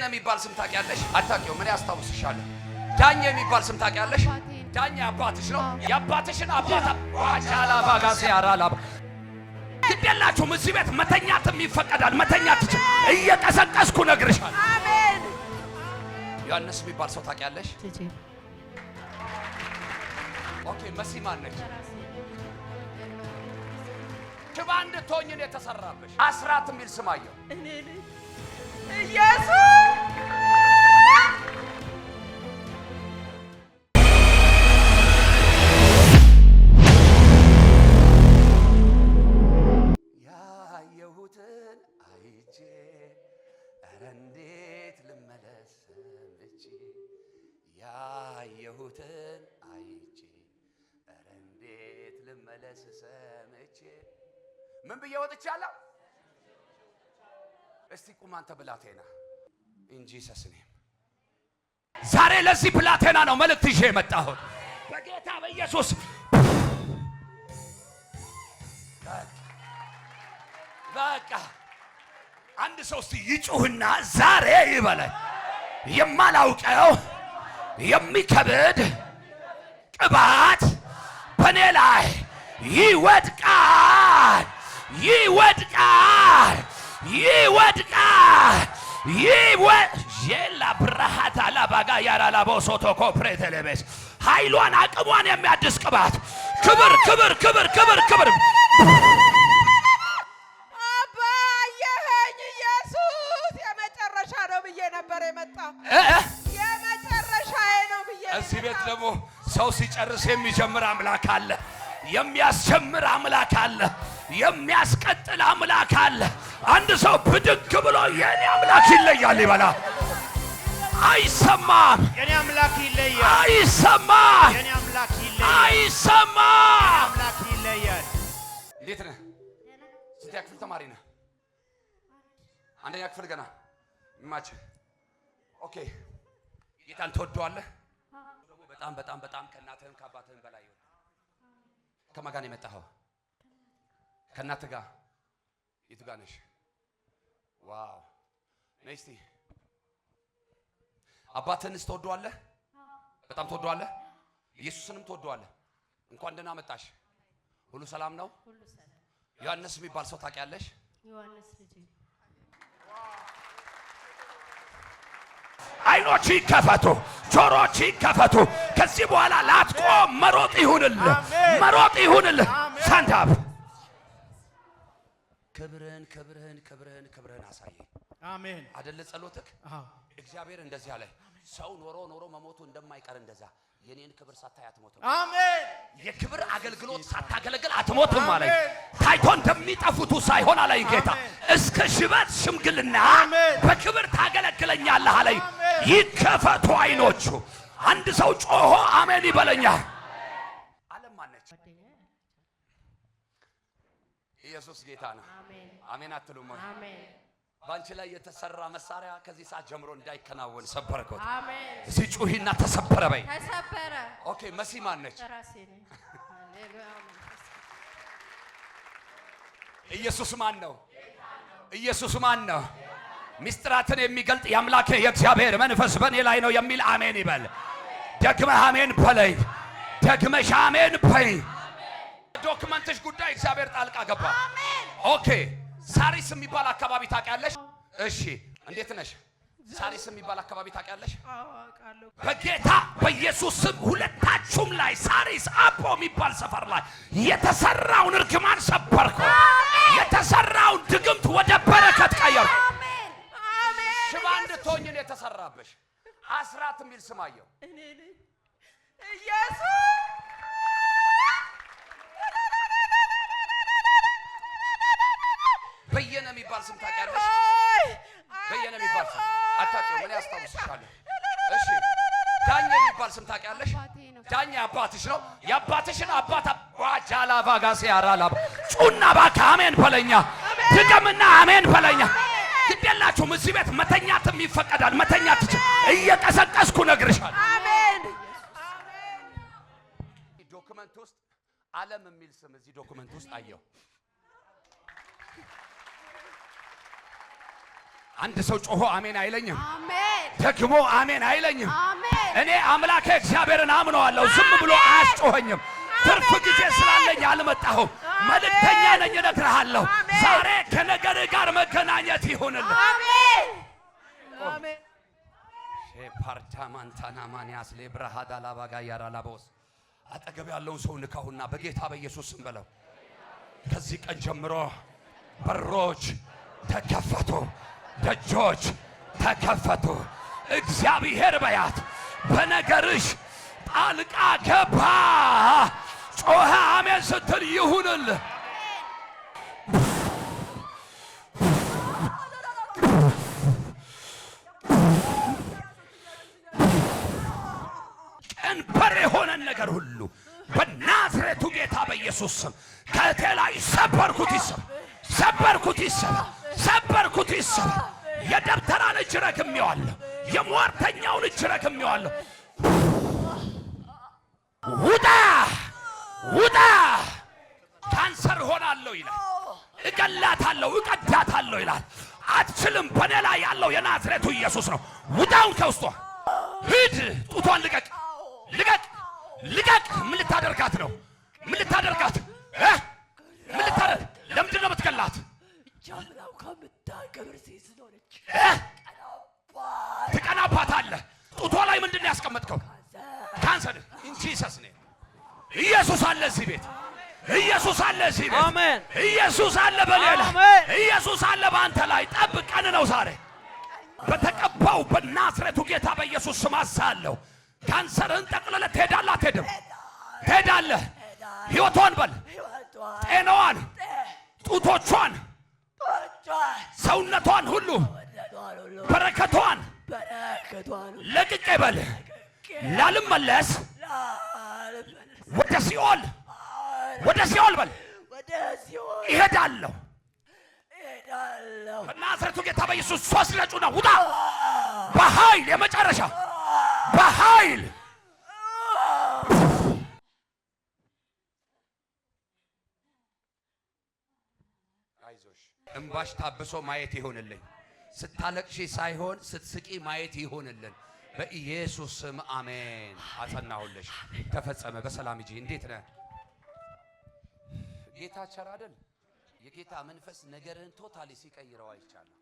በየነ የሚባል ስም ታውቂያለሽ? አታውቂው? ምን ያስታውስሻለሁ? ዳኘ የሚባል ስም ታውቂያለሽ? ዳኘ አባትሽ ነው። የአባትሽን አባት ዋሻላባ ባጋሲ አራላባ ትቤላችሁም። እዚህ ቤት መተኛትም ይፈቀዳል። መተኛት ትችል እየቀሰቀስኩ እነግርሻለሁ። አሜን። ዮሐንስ የሚባል ሰው ታውቂያለሽ? ኦኬ። መሲ ማነች? ሽባ እንድትሆኝ ነው የተሰራብሽ። አስራት የሚል ስም አየሁ ኢየሱስ ሲመለስ ሰምቼ ምን ብዬ ወጥቻለሁ? እስቲ ቁም አንተ ብላቴና እንጂ ሰስኔም ዛሬ ለዚህ ብላቴና ነው መልእክት ይዤ የመጣሁት በጌታ በኢየሱስ በቃ አንድ ሰው እስቲ ይጩህና ዛሬ ይበላል። የማላውቀው የሚከብድ ቅባት በእኔ ላይ ይወድቃል፣ ይወድቃል፣ ይወድቃል። ይወላ ብርሃት አላባጋ ያራላበው ሶቶኮ ፕሬተለቤስ ኃይሏን አቅሟን የሚያድስ ቅባት ክብር ክብር ክብር ክብር ክብር አባ የኸኝ ኢየሱስ የመጨረሻ ነው ብዬ ነበር የመጣው እዚህ ቤት ደግሞ ሰው ሲጨርስ የሚጀምር አምላክ አለ። የሚያስጀምር አምላክ አለ። የሚያስቀጥል አምላክ አለ። አንድ ሰው ብድግ ብሎ የኔ አምላክ ይለያል ይበላ። አይሰማ አይሰማ የኔ የኔ አምላክ አምላክ ይለያል። ይለያል። አይሰማ አምላክ ይለያል። እንዴት ነህ? ስንተኛ ክፍል ተማሪ ነህ? አንደኛ ክፍል ገና ማች። ኦኬ፣ ጌታን ትወደዋለህ። በጣም በጣም በጣም ከእናትህም ከአባትህም በላይ ከማጋን ጋር ነው የመጣኸው? ከእናትህ ጋር የቱ ነሽ? ዋው ነይ እስቲ። አባትህንስ ትወደዋለህ? በጣም ትወደዋለህ። ኢየሱስንም ትወደዋለህ። እንኳን ደህና መጣሽ። ሁሉ ሰላም ነው። ዮሐንስ የሚባል ሰው ታውቂያለሽ? ዮሐንስ ልጅ አይኖች ይከፈቱ፣ ጆሮች ይከፈቱ። ከዚህ በኋላ ላትቆ መሮጥ ይሁንልህ፣ መሮጥ ይሁንልህ። ሳንታብ ክብርህን ክብርህን ክብርህን ክብርህን አሳየ አሜን። አደለ ጸሎትክ እግዚአብሔር እንደዚህ አለ ሰው ኖሮ ኖሮ መሞቱ እንደማይቀር እንደዛ የኔን ክብር ሳታይ አትሞትም። አሜን። የክብር አገልግሎት ሳታገለግል አትሞትም አለኝ። ታይቶ እንደሚጠፉቱ ሳይሆን አለኝ ጌታ እስከ ሽበት ሽምግልና በክብር ታገለግለኛለህ አለኝ። ይከፈቱ አይኖቹ። አንድ ሰው ጮሆ አሜን ይበለኛል። ዓለም ማነች? ኢየሱስ ጌታ ነው። አሜን አትሉም? አሜን ባንቺ ላይ የተሰራ መሳሪያ ከዚህ ሰዓት ጀምሮ እንዳይከናወን ሰበርኩት። አሜን። እዚህ ጩሂና ተሰበረ በይ። ተሰበረ። ኦኬ። መሲ ማን ነች? ኢየሱስ ማን ነው? ኢየሱስ ማን ነው? ሚስጥራትን የሚገልጥ የአምላክ የእግዚአብሔር መንፈስ በእኔ ላይ ነው የሚል አሜን ይበል። ደግመህ አሜን በለይ። ደግመሽ አሜን በይ። ዶክመንትሽ ጉዳይ እግዚአብሔር ጣልቃ ገባ። ኦኬ ሳሪስ የሚባል አካባቢ ታውቂያለሽ? እሺ፣ እንዴት ነሽ? ሳሪስ የሚባል አካባቢ ታውቂያለሽ? በጌታ በኢየሱስ ስም ሁለታችሁም ላይ ሳሪስ አቦ የሚባል ሰፈር ላይ የተሰራውን እርግማን ሰበርከው። የተሰራውን ድግምት ወደ በረከት ቀየርኩ። ሽባ እንድትሆኝ ነው የተሰራብሽ። አስራት የሚል ስም አየሁ። ኢየሱስ በየነ የሚባል ስም ታውቂያለሽ? በየነ የሚባል ስም አታውቂውም? እኔ አስታውስሻለሁ። እሺ ዳኛ የሚባል ስም ታውቂያለሽ? ዳኛ አባትሽ ነው። የአባትሽን አባት ዋጃላባ ጋሴ አራላ ጩና ባካ አሜን በለኛ ድገምና አሜን በለኛ ግዴላችሁም። እዚህ ቤት መተኛትም ይፈቀዳል። መተኛት ትችል እየቀሰቀስኩ ነግርሻል። አሜን ዶክመንት ውስጥ ዓለም የሚል ስም እዚህ ዶክመንት ውስጥ አየው። አንድ ሰው ጮሆ አሜን አይለኝም። ደግሞ አሜን አይለኝም። እኔ አምላኬ እግዚአብሔርን አምነዋለሁ። ዝም ብሎ አያስጮኸኝም። ትርፍ ጊዜ ስላለኝ አልመጣሁም። መልእክተኛ ነኝ እነግርሃለሁ። ዛሬ ከነገር ጋር መገናኘት ይሁንልን። ፓርታማንታናማንያስ ሌብራሃዳ ላባጋ ያራላቦስ አጠገብ ያለውን ሰው ንካሁና በጌታ በኢየሱስ ስም በለው። ከዚህ ቀን ጀምሮ በሮች ተከፈቱ። ደጆች ተከፈቱ። እግዚአብሔር በያት በነገርሽ ጣልቃ ገባ። ጮኸ አሜን ስትል ይሁንል። ቀንበር የሆነን ነገር ሁሉ በናዝሬቱ ጌታ በኢየሱስ ስም ከእቴ ላይ ሰበርኩት ይሰብ ሰበርኩት ይሰባ፣ ሰበርኩት ይሰባ። የደብተራን እጅ ረግሜዋለሁ። የሟርተኛውን እጅ ረግሜዋለሁ። ውጣ ውጣ! ካንሰር እሆናለሁ ይላል። እገላታለሁ፣ እቀዳታለሁ ይላል። አትችልም። በኔ ላይ ያለው የናዝሬቱ ኢየሱስ ነው። ውጣውን ከውስጧ ሂድ። ጡቷን ልቀቅ፣ ልቀቅ፣ ልቀቅ! ምን ልታደርጋት ነው? ምን ልታደርጋት አለ እዚህ ቤት። ኢየሱስ አለ እዚህ ቤት። አሜን። ኢየሱስ አለ በሌላ ኢየሱስ አለ በአንተ ላይ። ጠብቀን ነው ዛሬ በተቀባው በናዝሬቱ ጌታ በኢየሱስ ስም አዛለሁ። ካንሰርህን ጠቅልለህ ትሄዳለህ። አትሄድም? ትሄዳለህ። ሕይወቷን በል ጤናዋን፣ ጡቶቿን፣ ሰውነቷን ሁሉ በረከቷን ለቅቄ በል ላልመለስ ወደ ሲኦል ወደ ሲኦል በል ይሄዳለሁ። በናዝሬቱ ጌታ በኢየሱስ ሶስት ነጩ ነው ውጣ። በኃይል የመጨረሻ በኃይል እምባሽ ታብሶ ማየት ይሆንልኝ። ስታለቅሺ ሳይሆን ስትስቂ ማየት ይሆንልን። በኢየሱስ ስም አሜን። አጸናሁልሽ። ተፈጸመ። በሰላም እጂ እንዴት ነህ? ጌታ ቸር አይደል? የጌታ መንፈስ ነገርህን ቶታሊ ሲቀይረው አይቻለሁ።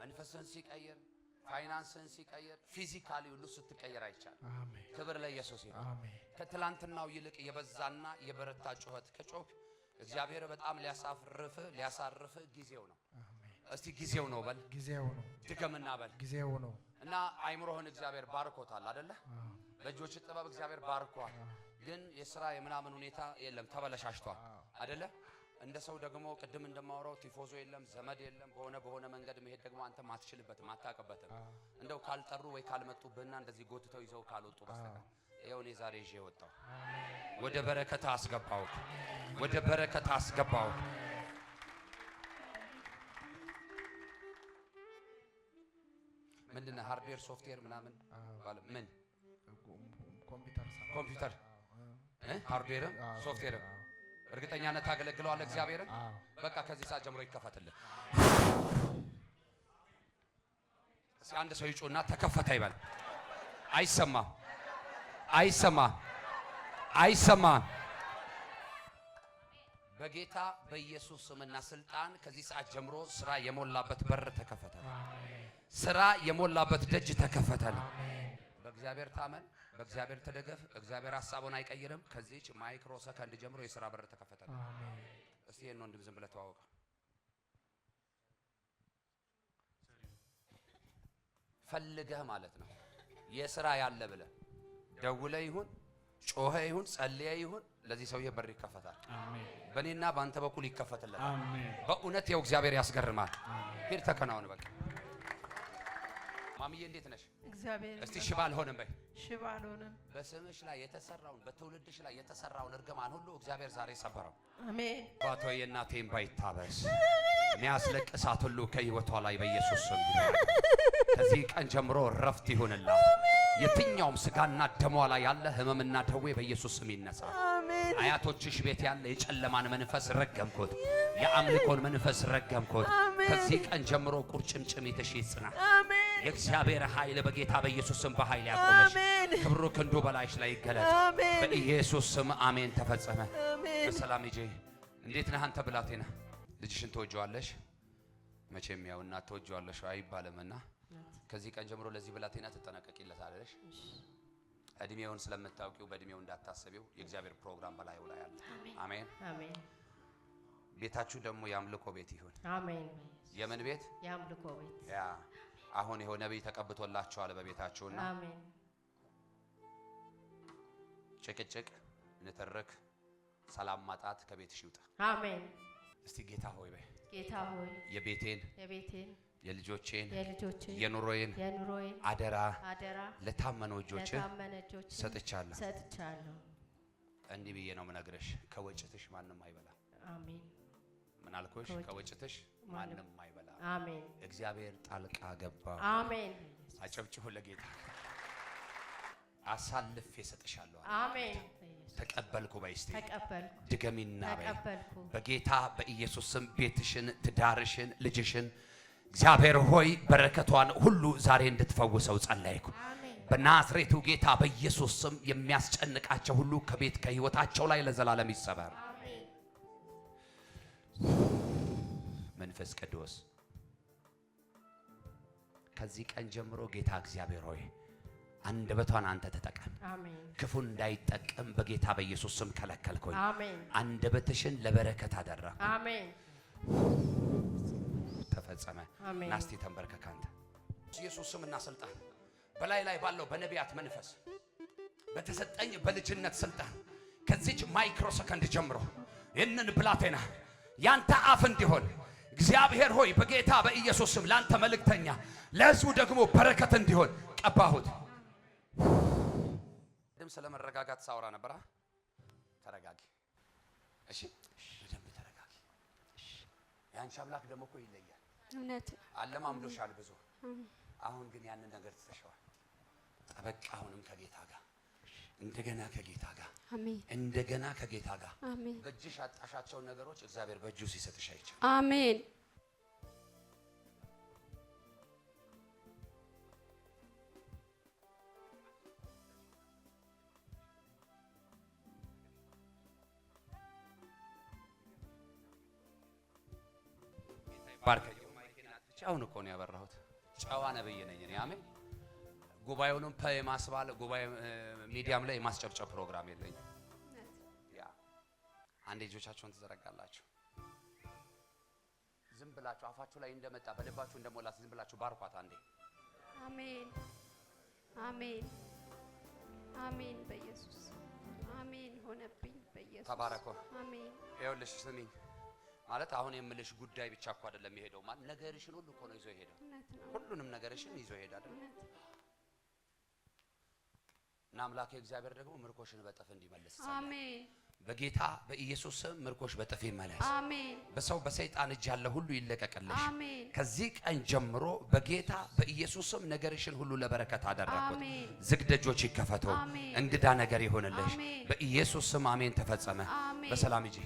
መንፈስህን ሲቀይር፣ ፋይናንስህን ሲቀይር፣ ፊዚካሊ ሁሉ ስትቀይር አይቻለሁ። ክብር ለኢየሱስ ይሁን። ከትላንትናው ይልቅ የበዛና የበረታ ጩኸት ከጮክ እግዚአብሔር በጣም ሊያሳርፍ ሊያሳርፍ ጊዜው ነው። እስቲ ጊዜው ነው በል። ጊዜው ነው። ድገምና በል። ጊዜው ነው እና አይምሮህን እግዚአብሔር ባርኮታል አደለ? በእጆች ጥበብ እግዚአብሔር ባርኳል። ግን የስራ የምናምን ሁኔታ የለም ተበለሻሽቷል አደለ? እንደ ሰው ደግሞ ቅድም እንደማወራው ቲፎዞ የለም፣ ዘመድ የለም። በሆነ በሆነ መንገድ መሄድ ደግሞ አንተ ማትችልበትም አታውቅበትም። እንደው ካልጠሩ ወይ ካልመጡብህና እንደዚህ ጎትተው ይዘው ካልወጡ በስተቀር ይኸው እኔ ዛሬ ይዤ ወጣሁ። ወደ በረከት አስገባው፣ ወደ በረከት አስገባው። ምንድን ሃርድዌር ሶፍትዌር ምናምን ምን ኮምፒውተር ሃርድዌርም ሶፍትዌርም እርግጠኛነት ታገለግለዋል እግዚአብሔርን። በቃ ከዚህ ሰዓት ጀምሮ ይከፈትልን። እስኪ አንድ ሰው ይጩና ተከፈተ ይበል። አይሰማ አይሰማ አይሰማ በጌታ በኢየሱስ ስምና ስልጣን ከዚህ ሰዓት ጀምሮ ስራ የሞላበት በር ተከፈተ ስራ የሞላበት ደጅ ተከፈተ በእግዚአብሔር ታመን፣ በእግዚአብሔር ተደገፍ። እግዚአብሔር ሀሳቡን አይቀይርም። ከዚህች ማይክሮ ሰከንድ ጀምሮ የስራ በር ተከፈተ እስቲ ይህን ወንድም ዝም ብለህ ተዋወቀ። ፈልገህ ማለት ነው የስራ ያለ ብለህ ደውለህ ይሁን ጮኸ ይሁን ጸልየ ይሁን ለዚህ ሰውዬ በር ይከፈታል። በእኔና በአንተ በኩል ይከፈትለታል። በእውነት ያው እግዚአብሔር ያስገርማል። ሄድ ተከናወን። በቃ ማሚዬ እንዴት ነሽ? እስቲ ሽባ አልሆንም በይ። ሽባ አልሆንም። በስምሽ ላይ የተሰራውን በትውልድሽ ላይ የተሰራውን እርግማን ሁሉ እግዚአብሔር ዛሬ ሰበረው። አሜን። ባቶ የእናቴን ባይታበስ የሚያስለቅሳት ሁሉ ከህይወቷ ላይ በኢየሱስ ስም ከዚህ ቀን ጀምሮ ረፍት ይሁንላት። የትኛውም ስጋና ደሟ ላይ ያለ ህመምና ደዌ በኢየሱስ ስም ይነሳል። አያቶችሽ ቤት ያለ የጨለማን መንፈስ ረገምኩት። የአምልኮን መንፈስ ረገምኩት። ከዚህ ቀን ጀምሮ ቁርጭምጭሚትሽ ይጽና። የእግዚአብሔር ኃይል በጌታ በኢየሱስ ስም በኃይል ያቆመሽ። ክብሩ ክንዱ በላይሽ ላይ ይገለጥ በኢየሱስ ስም አሜን። ተፈጸመ። በሰላም ሂጂ። እንዴት ነህ አንተ ብላቴና? ልጅሽን ተወጂዋለሽ? መቼም ያው እናት ተወጂዋለሽ አይባልምና ከዚህ ቀን ጀምሮ ለዚህ ብላቴና ትጠነቀቂለታለሽ። እድሜውን ስለምታውቂው በእድሜው እንዳታሰቢው የእግዚአብሔር ፕሮግራም በላዩ ላይ አለ። አሜን ቤታችሁ ደግሞ የአምልኮ ቤት ይሁን። አሜን። የምን ቤት? የአምልኮ ቤት። ያ አሁን ይኸው ነቢይ ተቀብቶላቸዋል በቤታችሁና፣ አሜን። ጭቅጭቅ፣ ንትርክ፣ ሰላም ማጣት ከቤትሽ ይውጣ። አሜን። እስቲ ጌታ ሆይ በይ ጌታ ሆይ የቤቴን የቤቴን የልጆቼን የኑሮዬን አደራ ለታመኑ እጆች ሰጥቻለሁ። ሰጥቻለሁ። እንዲህ ብዬ ነው ምነግርሽ፣ ከወጭትሽ ማንም አይበላ። ምን አልኩሽ? ከወጭትሽ ማንም አይበላ። አሜን። እግዚአብሔር ጣልቃ ገባ። አሜን። አጨብጭሁ ለጌታ። አሳልፌ እሰጥሻለሁ። አሜን። ተቀበልኩ በይ። እስቲ ድገሚና በይ። በጌታ በኢየሱስ ስም ቤትሽን፣ ትዳርሽን፣ ልጅሽን እግዚአብሔር ሆይ በረከቷን ሁሉ ዛሬ እንድትፈውሰው ጸለይኩ። በናዝሬቱ ጌታ በኢየሱስ ስም የሚያስጨንቃቸው ሁሉ ከቤት ከህይወታቸው ላይ ለዘላለም ይሰበር። መንፈስ ቅዱስ ከዚህ ቀን ጀምሮ ጌታ እግዚአብሔር ሆይ አንደበቷን አንተ ተጠቀም፣ ክፉ እንዳይጠቀም በጌታ በኢየሱስ ስም ከለከልኩኝ። አንደበትሽን ለበረከት አሜን። ተፈጸመ። ናስቲ ተንበርከክ አንተ ኢየሱስ ስምና ስልጣን በላይ ላይ ባለው በነቢያት መንፈስ በተሰጠኝ በልጅነት ስልጣን ከዚች ማይክሮ ሰከንድ ጀምሮ ይህንን ብላቴና ያንተ አፍ እንዲሆን እግዚአብሔር ሆይ በጌታ በኢየሱስ ስም ላንተ መልእክተኛ ለህዝቡ ደግሞ በረከት እንዲሆን ቀባሁት። ድም ስለ መረጋጋት ሳውራ ነበር። ተረጋጊ፣ እሺ፣ በደንብ ተረጋጊ። የአንቺ አምላክ ደግሞ እኮ ይለያል። እውነት አለማምዶሻል ብዙ። አሁን ግን ያንን ነገር ትተሸዋል። ጠበቅ አሁንም ከጌታ ጋር እንደገና ከጌታ ጋር እንደገና ከጌታ ጋር በእጅሽ አጣሻቸውን ነገሮች እግዚአብሔር በእጁ ሲሰጥሽ አይቻል። አሜን። ባርከ ጨውን እኮ ነው ያበራሁት። ጨዋ ነብይ ነኝ እኔ። አሜን። ጉባኤውንም ፐ የማስባል ጉባኤ ሚዲያም ላይ የማስጨብጨብ ፕሮግራም የለኝም። ያ አንዴ እጆቻችሁን ትዘረጋላችሁ። ዝም ብላችሁ አፋችሁ ላይ እንደመጣ በልባችሁ እንደሞላት ዝም ብላችሁ ባርኳት። አንዴ አሜን፣ አሜን፣ አሜን በኢየሱስ አሜን። ሆነብኝ በኢየሱስ ተባረኮ። አሜን። ይኸውልሽ ስሚኝ ማለት አሁን የምልሽ ጉዳይ ብቻ እኮ አይደለም የሄደው ማለት ነገርሽን ሁሉ እኮ ነው ይዞ ይሄዳል። ሁሉንም ነገርሽን ይዞ ይሄዳል። እና አምላኬ እግዚአብሔር ደግሞ ምርኮሽን በጠፍ እንዲመልስ አሜን። በጌታ በኢየሱስ ስም ምርኮሽ በጠፍ ይመለስ። አሜን። በሰው በሰይጣን እጅ ያለ ሁሉ ይለቀቅልሽ። አሜን። ከዚህ ቀን ጀምሮ በጌታ በኢየሱስ ስም ነገርሽን ሁሉ ለበረከት አደረኩት። ዝግደጆች ይከፈቱ። እንግዳ ነገር ይሆንልሽ በኢየሱስ ስም አሜን። ተፈጸመ። በሰላም ሂጂ።